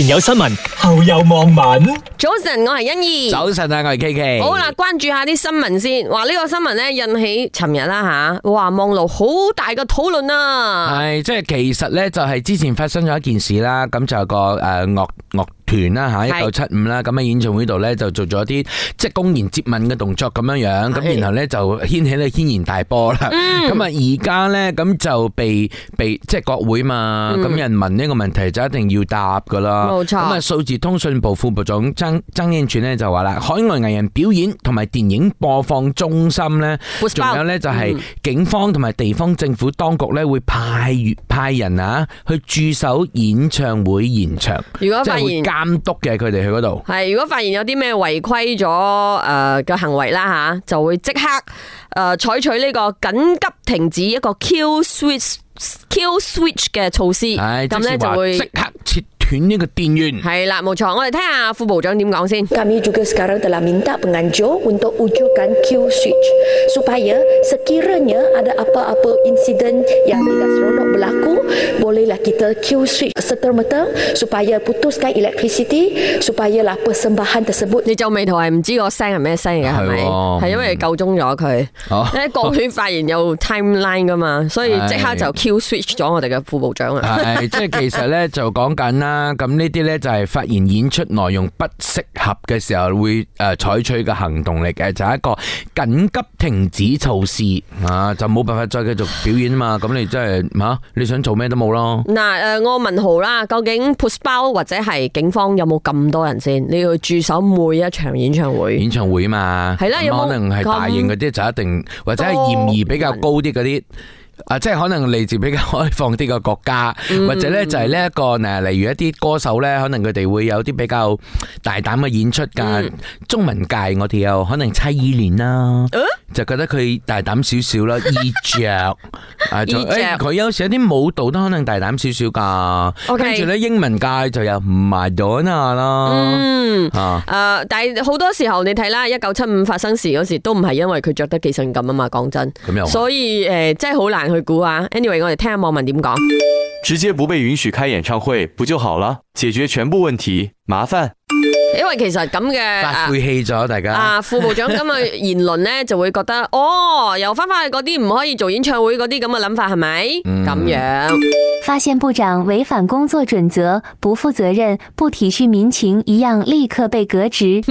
前有新聞，後有網民。早晨，我係欣怡。早晨啊，我係 K K。好啦，關注下啲新聞先。話呢個新聞咧引起尋日啦吓，哇，網路好大嘅討論啊。係，即係其實咧就係之前發生咗一件事啦。咁就個誒惡惡。團啦嚇，一九七五啦，咁喺是演唱會度咧就做咗啲即係公然接吻嘅動作咁樣樣，咁是然後咧就掀起呢軒然大波啦。咁啊而家咧咁就被被即係、就是、國會嘛，咁、嗯、人民呢個問題就一定要答噶啦。冇錯。咁啊數字通訊部副部長曾曾英傳咧就話啦，海外藝人表演同埋電影播放中心咧，仲有咧就係警方同埋地方政府當局咧會派派人啊去駐守演唱會現場，即係會監督嘅佢哋去嗰度，係如果發現有啲咩違規咗誒嘅行為啦吓，就會即刻誒採取呢個緊急停止一個 kill switch kill switch 嘅措施，咁呢就會。斷呢個電源係啦，冇錯，我哋聽下副部長點講先。我們諸葛現在正要請求，要執行 kill switch，所以，如果真的有發生任何的事件，可以讓我們 kill switch，馬上，所以切斷電力，所以，讓儀式進行。你就未同係唔知個聲係咩聲嘅係咪？係因為夠鐘咗佢，因為國安發現有 timeline 㗎嘛，所以即刻就 kill switch 咗我哋嘅副部長啊。係，即係其實咧就講緊啦。啊，咁呢啲呢，就係發現演出內容不適合嘅時候，會誒採取嘅行動力，嘅，就係，一個緊急停止措施啊，就冇辦法再繼續表演啊嘛，咁你真係吓、啊，你想做咩都冇咯。嗱，誒，我問豪啦，究竟 push 包或者係警方有冇咁多人先？你要駐守每一場演唱會？演唱會嘛，係啦的，嗯，有，有可能係大型嗰啲就一定，都 或者係嫌疑比較高啲嗰啲。啊，即係可能嚟自比較開放啲嘅國家，或者咧就係呢一個，誒，例如一啲歌手咧，可能佢哋會有啲比較大膽嘅演出噶中文界我哋又可能蔡依林啦，就覺得佢大膽少少啦，衣着，誒，佢有時一啲舞蹈都可能大膽少少噶跟住咧，英文界就有麥當娜啦，嗯，啊，誒，但係好多時候你睇啦，一九七五發生事嗰時都唔係因為佢着得幾性感啊嘛，講真，咁又，所以誒，真係好難。去估啊！Anyway，我哋聽下網民點講。直接不被允許開演唱會不就好了？解決全部問題，麻煩。因為、欸、其實咁嘅，發晦氣咗大家。啊，啊副部長咁嘅言論呢， 就會覺得哦，又返返去嗰啲唔可以做演唱會嗰啲咁嘅諗法，係咪？嗯，咁樣。發現部長違反工作準則，不負責任，不體恤民情，一樣立刻被革職。 其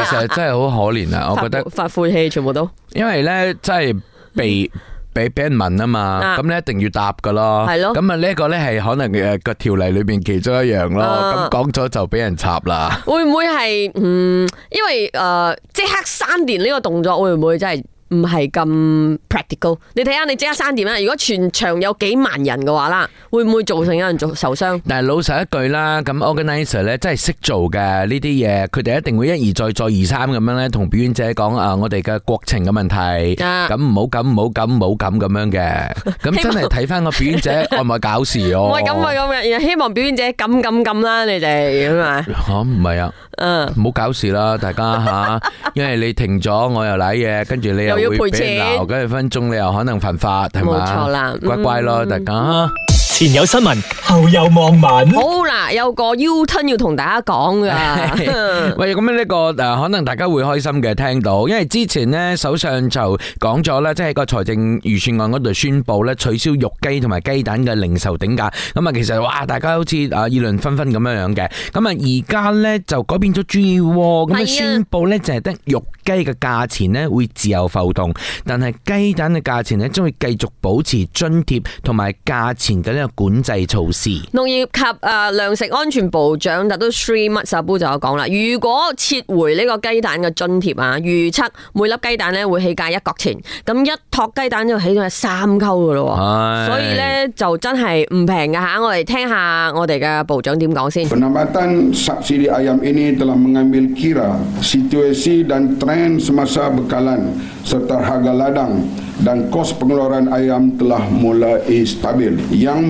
實真係好可憐啊！我覺得發晦氣，氣全部都。因為呢，真、就、係、是、被。 俾俾人問啊嘛，咁你一定要答噶咯，咁啊呢個咧係可能嘅個條例裏面其中一樣咯，咁講咗就俾人插啦。會唔會係嗯？因為呃、即刻斷電呢個動作會唔會真係？唔係咁 practical，你睇下你即刻斷電啊！如果全場有幾萬人嘅話啦，會唔會造成有人做受傷？但係老實一句啦，咁 organizer 咧真係識做嘅呢啲嘢，佢哋一定會一而再再而三咁樣咧同表演者講啊，我哋嘅國情嘅問題，咁唔好咁唔好咁唔好咁咁樣嘅，咁真係睇翻個表演者係咪搞事哦？唔係咁啊咁嘅，而希望表演者咁咁咁啦，你哋係嘛？吓唔係啊，嗯，唔好搞事啦，大家吓，因為你停咗，我又嚟嘢，跟住你又。會要賠錢，留幾分鐘，你又可能犯法，係咪？乖乖咯，嗯、大家。前有新聞，後有網民。好啦，有個 U turn 要同大家講嘅。 喂，咁樣呢個誒，可能大家會開心嘅聽到，因為之前呢首相就講咗咧，即係個財政預算案嗰度宣布咧取消肉雞同埋雞蛋嘅零售頂價。咁啊，其實哇，大家好似啊議論紛紛咁樣樣嘅。咁啊，而家咧就改變咗主意，咁的宣布咧就係得肉雞嘅價錢呢會自由浮動，但係雞蛋嘅價錢呢將會繼續保持津貼同埋價錢嘅呢管制措施。農業及啊糧食安全部長特都 three 乜沙布就有講啦。如果撤回呢個雞蛋嘅津貼啊，預測每粒雞蛋呢會起價一角錢。咁一托雞蛋就起咗係三溝㗎咯。係。所以呢就真係唔平㗎吓。我哋聽下我哋嘅部長點講先。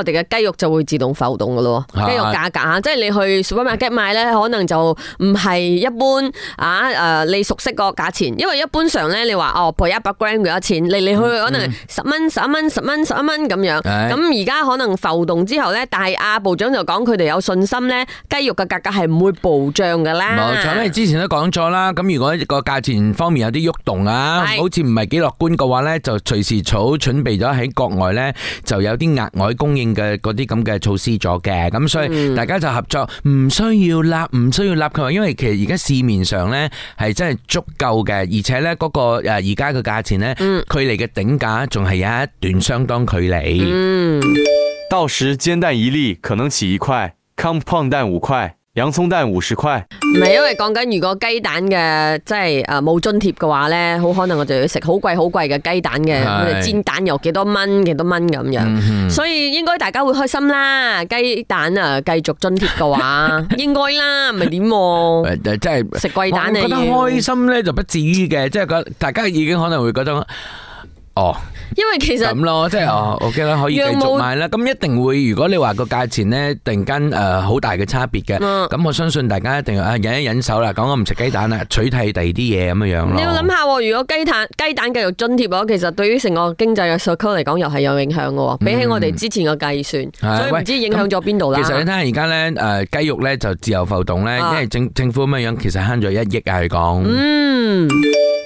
我哋嘅雞肉就會自動浮動嘅咯，雞肉價格、啊、即係你去 supermarket 買咧，可能就唔係一般啊誒、呃，你熟悉個價錢，因為一般上咧，你話哦，一百 gram 幾多錢，嚟嚟去去可能十蚊、十一蚊、十蚊、十一蚊咁樣。咁而家可能浮動之後咧，但係阿部長就講佢哋有信心咧，雞肉嘅價格係唔會暴漲嘅啦。冇錯咧，之前都講咗啦。咁如果個價錢方面有啲喐動啊，是的好似唔係幾樂觀嘅話咧，就隨時儲準備咗喺國外咧就有啲額外供應。嘅啲咁嘅措施咗嘅，咁所以大家就合作，唔需要立，唔需要立佢，因為其實而家市面上咧係真係足夠嘅，而且咧嗰個誒而家嘅價錢咧，距離嘅頂價仲係有一段相當距離。嗯。到時煎蛋一粒可能起一塊，compound 蛋五塊。洋蔥蛋五十塊，唔係因為講緊如果雞蛋嘅，即係誒冇津貼嘅話咧，好可能我就要食好貴好貴嘅雞蛋嘅是煎蛋多少，又幾多蚊幾多蚊咁樣，嗯、哼所以應該大家會開心啦。雞蛋啊，繼續津貼嘅話， 應該啦，唔係點？誒，即係食貴蛋，你覺得開心咧，就不至於嘅， 即係大家已經可能會覺得。哦，因為其實咁咯，嗯、即係哦，OK 可以繼續買啦。咁一定會，如果你話個價錢咧，突然間誒好大嘅差別嘅，咁、嗯、我相信大家一定要啊忍一忍手啦，講我唔食雞蛋啦，取替第啲嘢咁樣樣咯。你要諗下，如果雞蛋雞蛋繼續津貼，其實對於成個經濟嘅社 y 嚟講，又係有影響嘅。嗯、比起我哋之前嘅計算，啊、所以唔知影響咗邊度啦。其實你睇下而家咧，誒、呃、雞肉咧就自由浮動咧，啊、因為政政府乜樣，其實慳咗一億佢講。嗯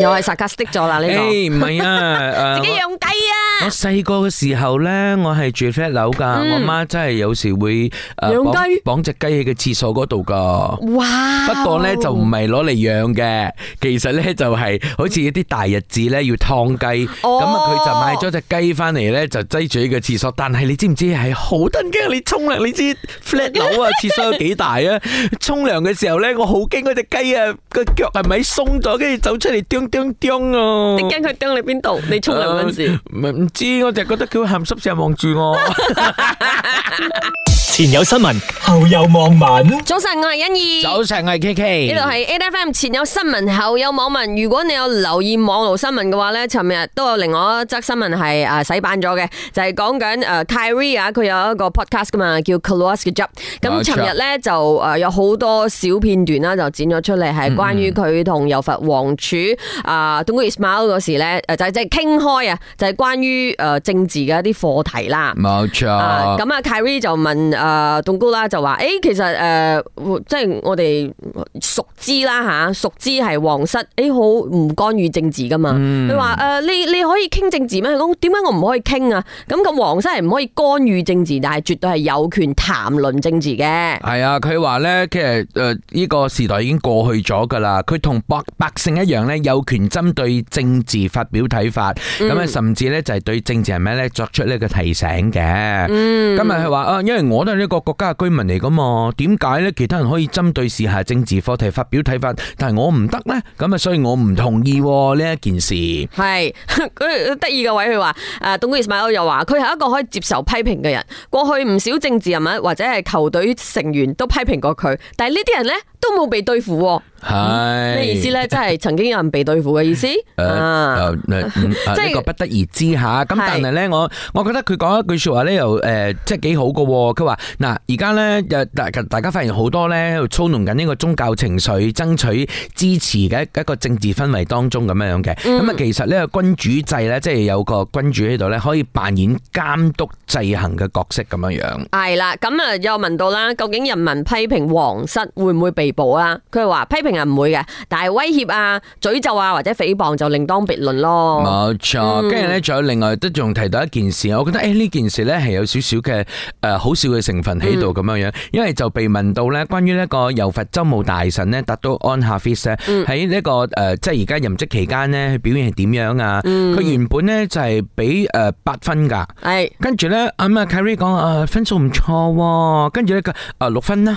又係 sarcastic 咗啦呢個，唔係啊，自己養雞啊！我細個嘅時候咧，我係住 flat 樓噶，我媽真係有時會綁綁隻雞喺個廁所嗰度噶。哇！不過咧就唔係攞嚟養嘅，其實咧就係好似一啲大日子咧要燙雞，咁啊佢就買咗隻雞翻嚟咧就擠住喺個廁所，但係你知唔知係好得驚？你沖涼，你知 flat 樓啊，廁所有幾大啊？沖涼嘅時候咧，我好驚嗰隻雞啊個腳係咪鬆咗，跟住走出。你叮叮叮，叮啊你叮叮你！你驚佢叮你邊度？你沖涼嗰時唔係唔知，我就係覺得佢鹹濕，成日望住我。 前有新聞，後有網民。早晨，我係欣怡。早晨，我係 K K。呢度係 A F M。前有新聞，後有網民。如果你有留意網絡新聞嘅話咧，尋日都有另外一則新聞係啊洗版咗嘅，就係講緊誒 Khairy 啊，佢有一個 podcast 噶嘛，叫 Keluar Sekejap。咁尋日咧就誒有好多小片段啦，就剪咗出嚟，係關於佢同柔佛王儲、嗯嗯、啊 Tunku Ismail 嗰時咧，就係即係傾開啊，就係關於誒政治嘅一啲課題啦。冇錯。咁啊，Khairy 就問。誒，董、呃、高啦就話，誒、欸，其實誒、呃、即係我哋熟知啦吓，熟知係皇室，誒、欸、好唔干預政治噶嘛。佢話誒，你你可以傾政治咩？佢講，點解我唔可以傾啊？咁咁，皇室係唔可以干預政治，但係絕對係有權談論政治嘅。係啊，佢話咧，其實誒呢個時代已經過去咗噶啦。佢同百百姓一樣咧，有權針對政治發表睇法，咁啊、嗯，甚至咧就係對政治係咩咧作出呢個提醒嘅。今日佢話啊，因為我都一個國家嘅居民嚟噶嘛？點解呢？其他人可以針對時下政治課題發表睇法，但係我唔得呢。咁啊，所以我唔同意呢一件事。係得意嘅位，佢話誒，東、啊、古伊斯邁又話佢係一個可以接受批評嘅人。過去唔少政治人物或者係球隊成員都批評過佢，但係呢啲人呢，都冇被對付、啊。係咩是、嗯、意思咧？即係曾經有人被對付嘅意思？誒誒，呢個不得而知吓。咁 但係咧，我我覺得佢講一句說話咧，又、呃、誒，即係幾好嘅、啊。佢話嗱，而家咧，大大家發現好多咧，喺度操弄緊呢個宗教情緒，爭取支持嘅一個政治氛圍當中咁樣樣嘅。咁啊、嗯，其實呢個君主制咧，即係有個君主喺度咧，可以扮演監督制衡嘅角色咁樣樣。係啦，咁啊，又問到啦，究竟人民批評皇室會唔會被捕啊？佢話批評。定係唔會嘅，但係威脅啊、詛咒啊或者誹謗就另當別論咯。冇錯，跟住咧，仲有另外都仲提到一件事，我覺得誒，呢件事咧係有少少嘅誒好笑嘅成分喺度咁樣樣，因為就被問到咧關於呢一個柔佛州務大臣咧 Dato Onn Hafiz 咧喺呢一個誒即係而家任職期間咧表現係點樣啊？佢原本咧就係俾誒八分噶，係跟住咧咁啊，Carrie 講啊分數唔錯，跟住咧個誒六分啦，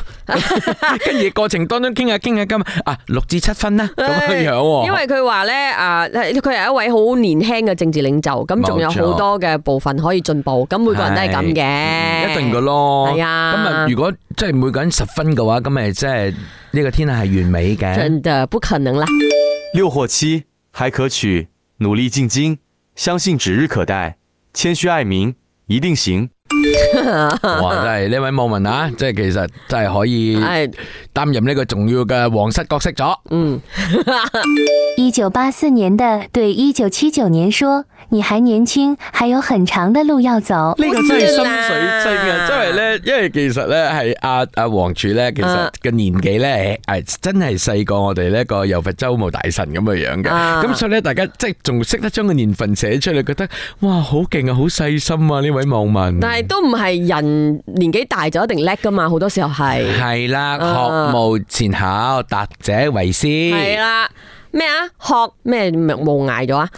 跟住過程當中傾下傾下咁。啊，六至七分咧，啊，咁是 樣，因為佢話咧，誒、啊，佢係一位好年輕嘅政治領袖，咁仲有好多嘅部分可以進步，咁沒錯 每個人都係咁嘅，一定噶咯，係啊。咁啊，如果即係每個人十分嘅話，咁咪即係呢個天下係完美嘅，就、嗯嗯嗯、不可能啦。嗯嗯嗯、六或七還可取，努力進京，相信指日可待，謙虛愛民，一定行。 哇！真係呢位網民啊，即、就、係、是、其實真係可以擔任呢個重要嘅皇室角色咗。嗯，一九八四年的對一九七九年說，你還年輕，還有很長的路要走。呢個真係心水清、啊，因為因為咧，因為其實咧係阿阿王儲咧，其實嘅年紀咧係真係細過我哋呢一個柔佛州務大臣咁嘅樣嘅，咁、 啊、所以咧大家即係仲識得將個年份寫出嚟，覺得哇好勁啊，好細心啊呢位網民，都唔係人年紀大就一定叻噶嘛，好多時候係。係啦，學無前後，啊，達者為師。係啦。咩啊？學咩無涯咗啊？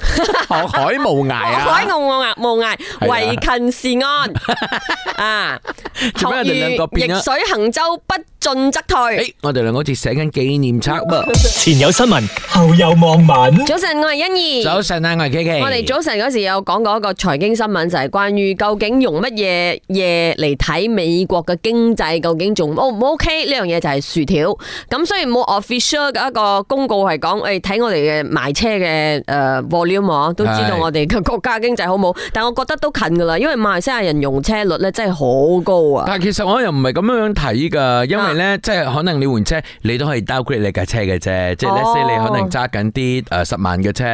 學海無涯啊！學海無無涯，無涯唯勤是岸啊！學如逆水行舟，不進則退。誒，我哋兩個好似寫緊紀念冊噃。前有新聞，後有網民。早晨，我係欣怡。早晨，我係琪琪。我哋早晨嗰時有講過一個財經新聞，就係關於究竟用乜嘢嘢嚟睇美國嘅經濟，究竟仲 O 唔 OK 呢樣嘢就係薯條。咁雖然冇 official 嘅一個公告係講誒。睇我哋嘅賣車嘅 volume 都知道我哋嘅國家經濟好冇？是但我覺得都近噶啦，因為馬來西亞人用車率咧真係好高啊！但其實我又唔係咁樣樣睇噶，因為咧、啊、即係可能你換車，你都可以 upgrade 你架車嘅啫。即係你可能揸緊啲十萬嘅車，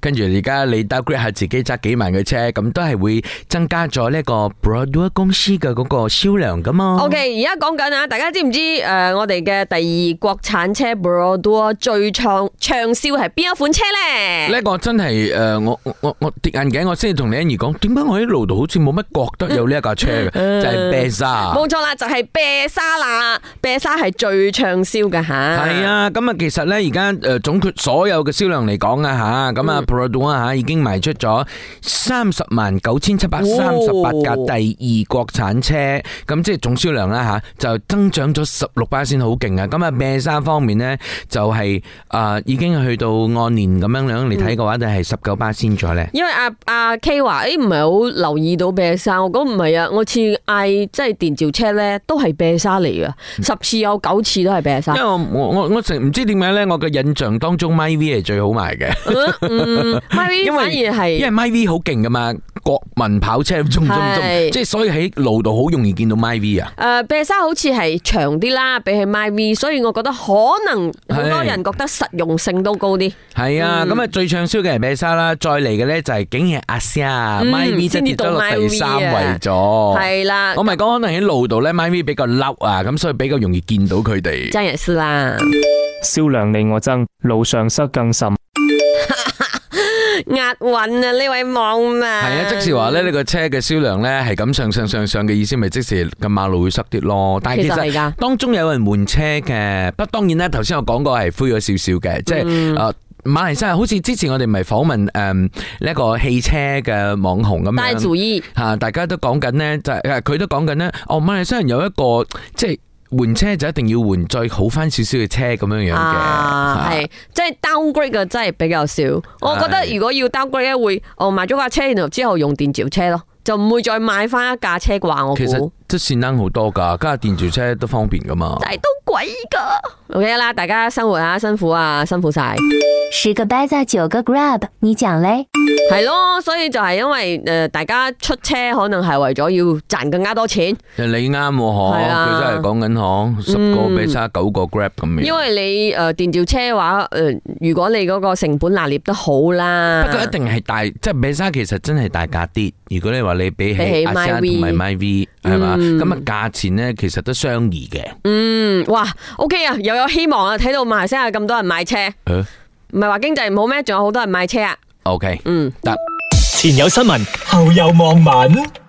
跟住而家你 upgrade 下自己揸幾萬嘅車，咁都係會增加咗呢個 Perodua 公司嘅嗰個銷量噶嘛。OK，而家講緊啊，大家知唔知誒、呃、我哋嘅第二國產車 Perodua 最暢，暢銷係邊一款車咧？呢個真係誒，我我我跌眼鏡，我先至同你講，點解我喺路度好似冇乜覺得有呢一架車嘅？就係別沙，冇錯啦，就係別沙啦，別沙係最暢銷㗎吓。係啊，咁啊，其實咧而家誒，總括所有嘅銷量嚟講啊吓，咁啊，Prodo 啊吓，已經賣出咗三十萬九千七百三十八架第二國產車，咁即係總銷量啦吓，就增長咗十六巴仙好勁啊！咁啊，別沙方面咧就係誒，已經。去到按年咁樣樣嚟睇嘅話是19，就係十九巴仙左右咧。因為阿、啊、阿、啊、K 話，誒唔係好留意到 Bezza，我講唔係啊，我次嗌即係電召車咧，都係 Bezza 嚟嘅。嗯、十次有九次都係 Bezza。因為我我我成唔知點解咧，我嘅印象當中 Myvi 係最好賣嘅，Myvi 反而係因為 Myvi 好勁噶嘛。國民跑車中中中，即係所以喺路度好容易見到 Myvi 啊！誒，Bezza 好似係長啲啦，比起 Myvi，所以我覺得可能好多人覺得實用性都高啲。係啊，咁啊最暢銷嘅係 Bezza 啦，再嚟嘅咧，就係竟然阿 Axia Myvi 先跌咗第三位咗。係啦，我咪講可能喺路度咧 Myvi 比較嬲啊，咁所以比較容易見到佢哋。真係是啦，銷量令我增，路上塞更甚。押韻啊！呢位網民係啊，即時話咧呢個車嘅銷量咧係咁上上上上嘅意思，咪即時個馬路會塞啲咯。但係其實當中有人換車嘅，不過當然咧，頭先我講過係灰咗少少嘅，即係誒馬來西亞，好似之前我哋咪訪問誒呢一個汽車嘅網紅咁樣。大主意吓，大家都講緊呢，就係佢都講緊呢。哦馬來西亞人有一個即係。換車就一定要換再好翻少少嘅車咁樣樣嘅，係即係、啊就是、downgrade 嘅真係比較少。我覺得如果要 downgrade 咧，會哦買咗架車然後之後用電召車咯，就唔會再買翻一架車啩。我估。即係線奀好多噶，加下電召車都方便噶嘛，但係都鬼噶。O K 啦，大家生活啊，辛苦啊，辛苦晒。十個 Benz 九個 Grab，你講咧？係咯，所以就係因為誒、呃，大家出車可能係為咗要賺更加多錢。你啱喎，佢都係講緊行，十、嗯、個 Benz 九、嗯、個 Grab 咁樣。因為你誒、呃、電召車嘅話，誒、呃，如果你嗰個成本拿捏得好啦，不過一定係大，即係 Benz 其實真係大價啲。如果你話你比起咪 V 同埋咪 V 係嘛？嗯咁啊，價、嗯、錢咧其實都相宜嘅。嗯，哇，OK 啊，又有希望啊！睇到馬來西亞咁多人買車，唔係話經濟唔好咩？仲有好多人買車啊。OK，嗯，得行前有新聞，後有網民。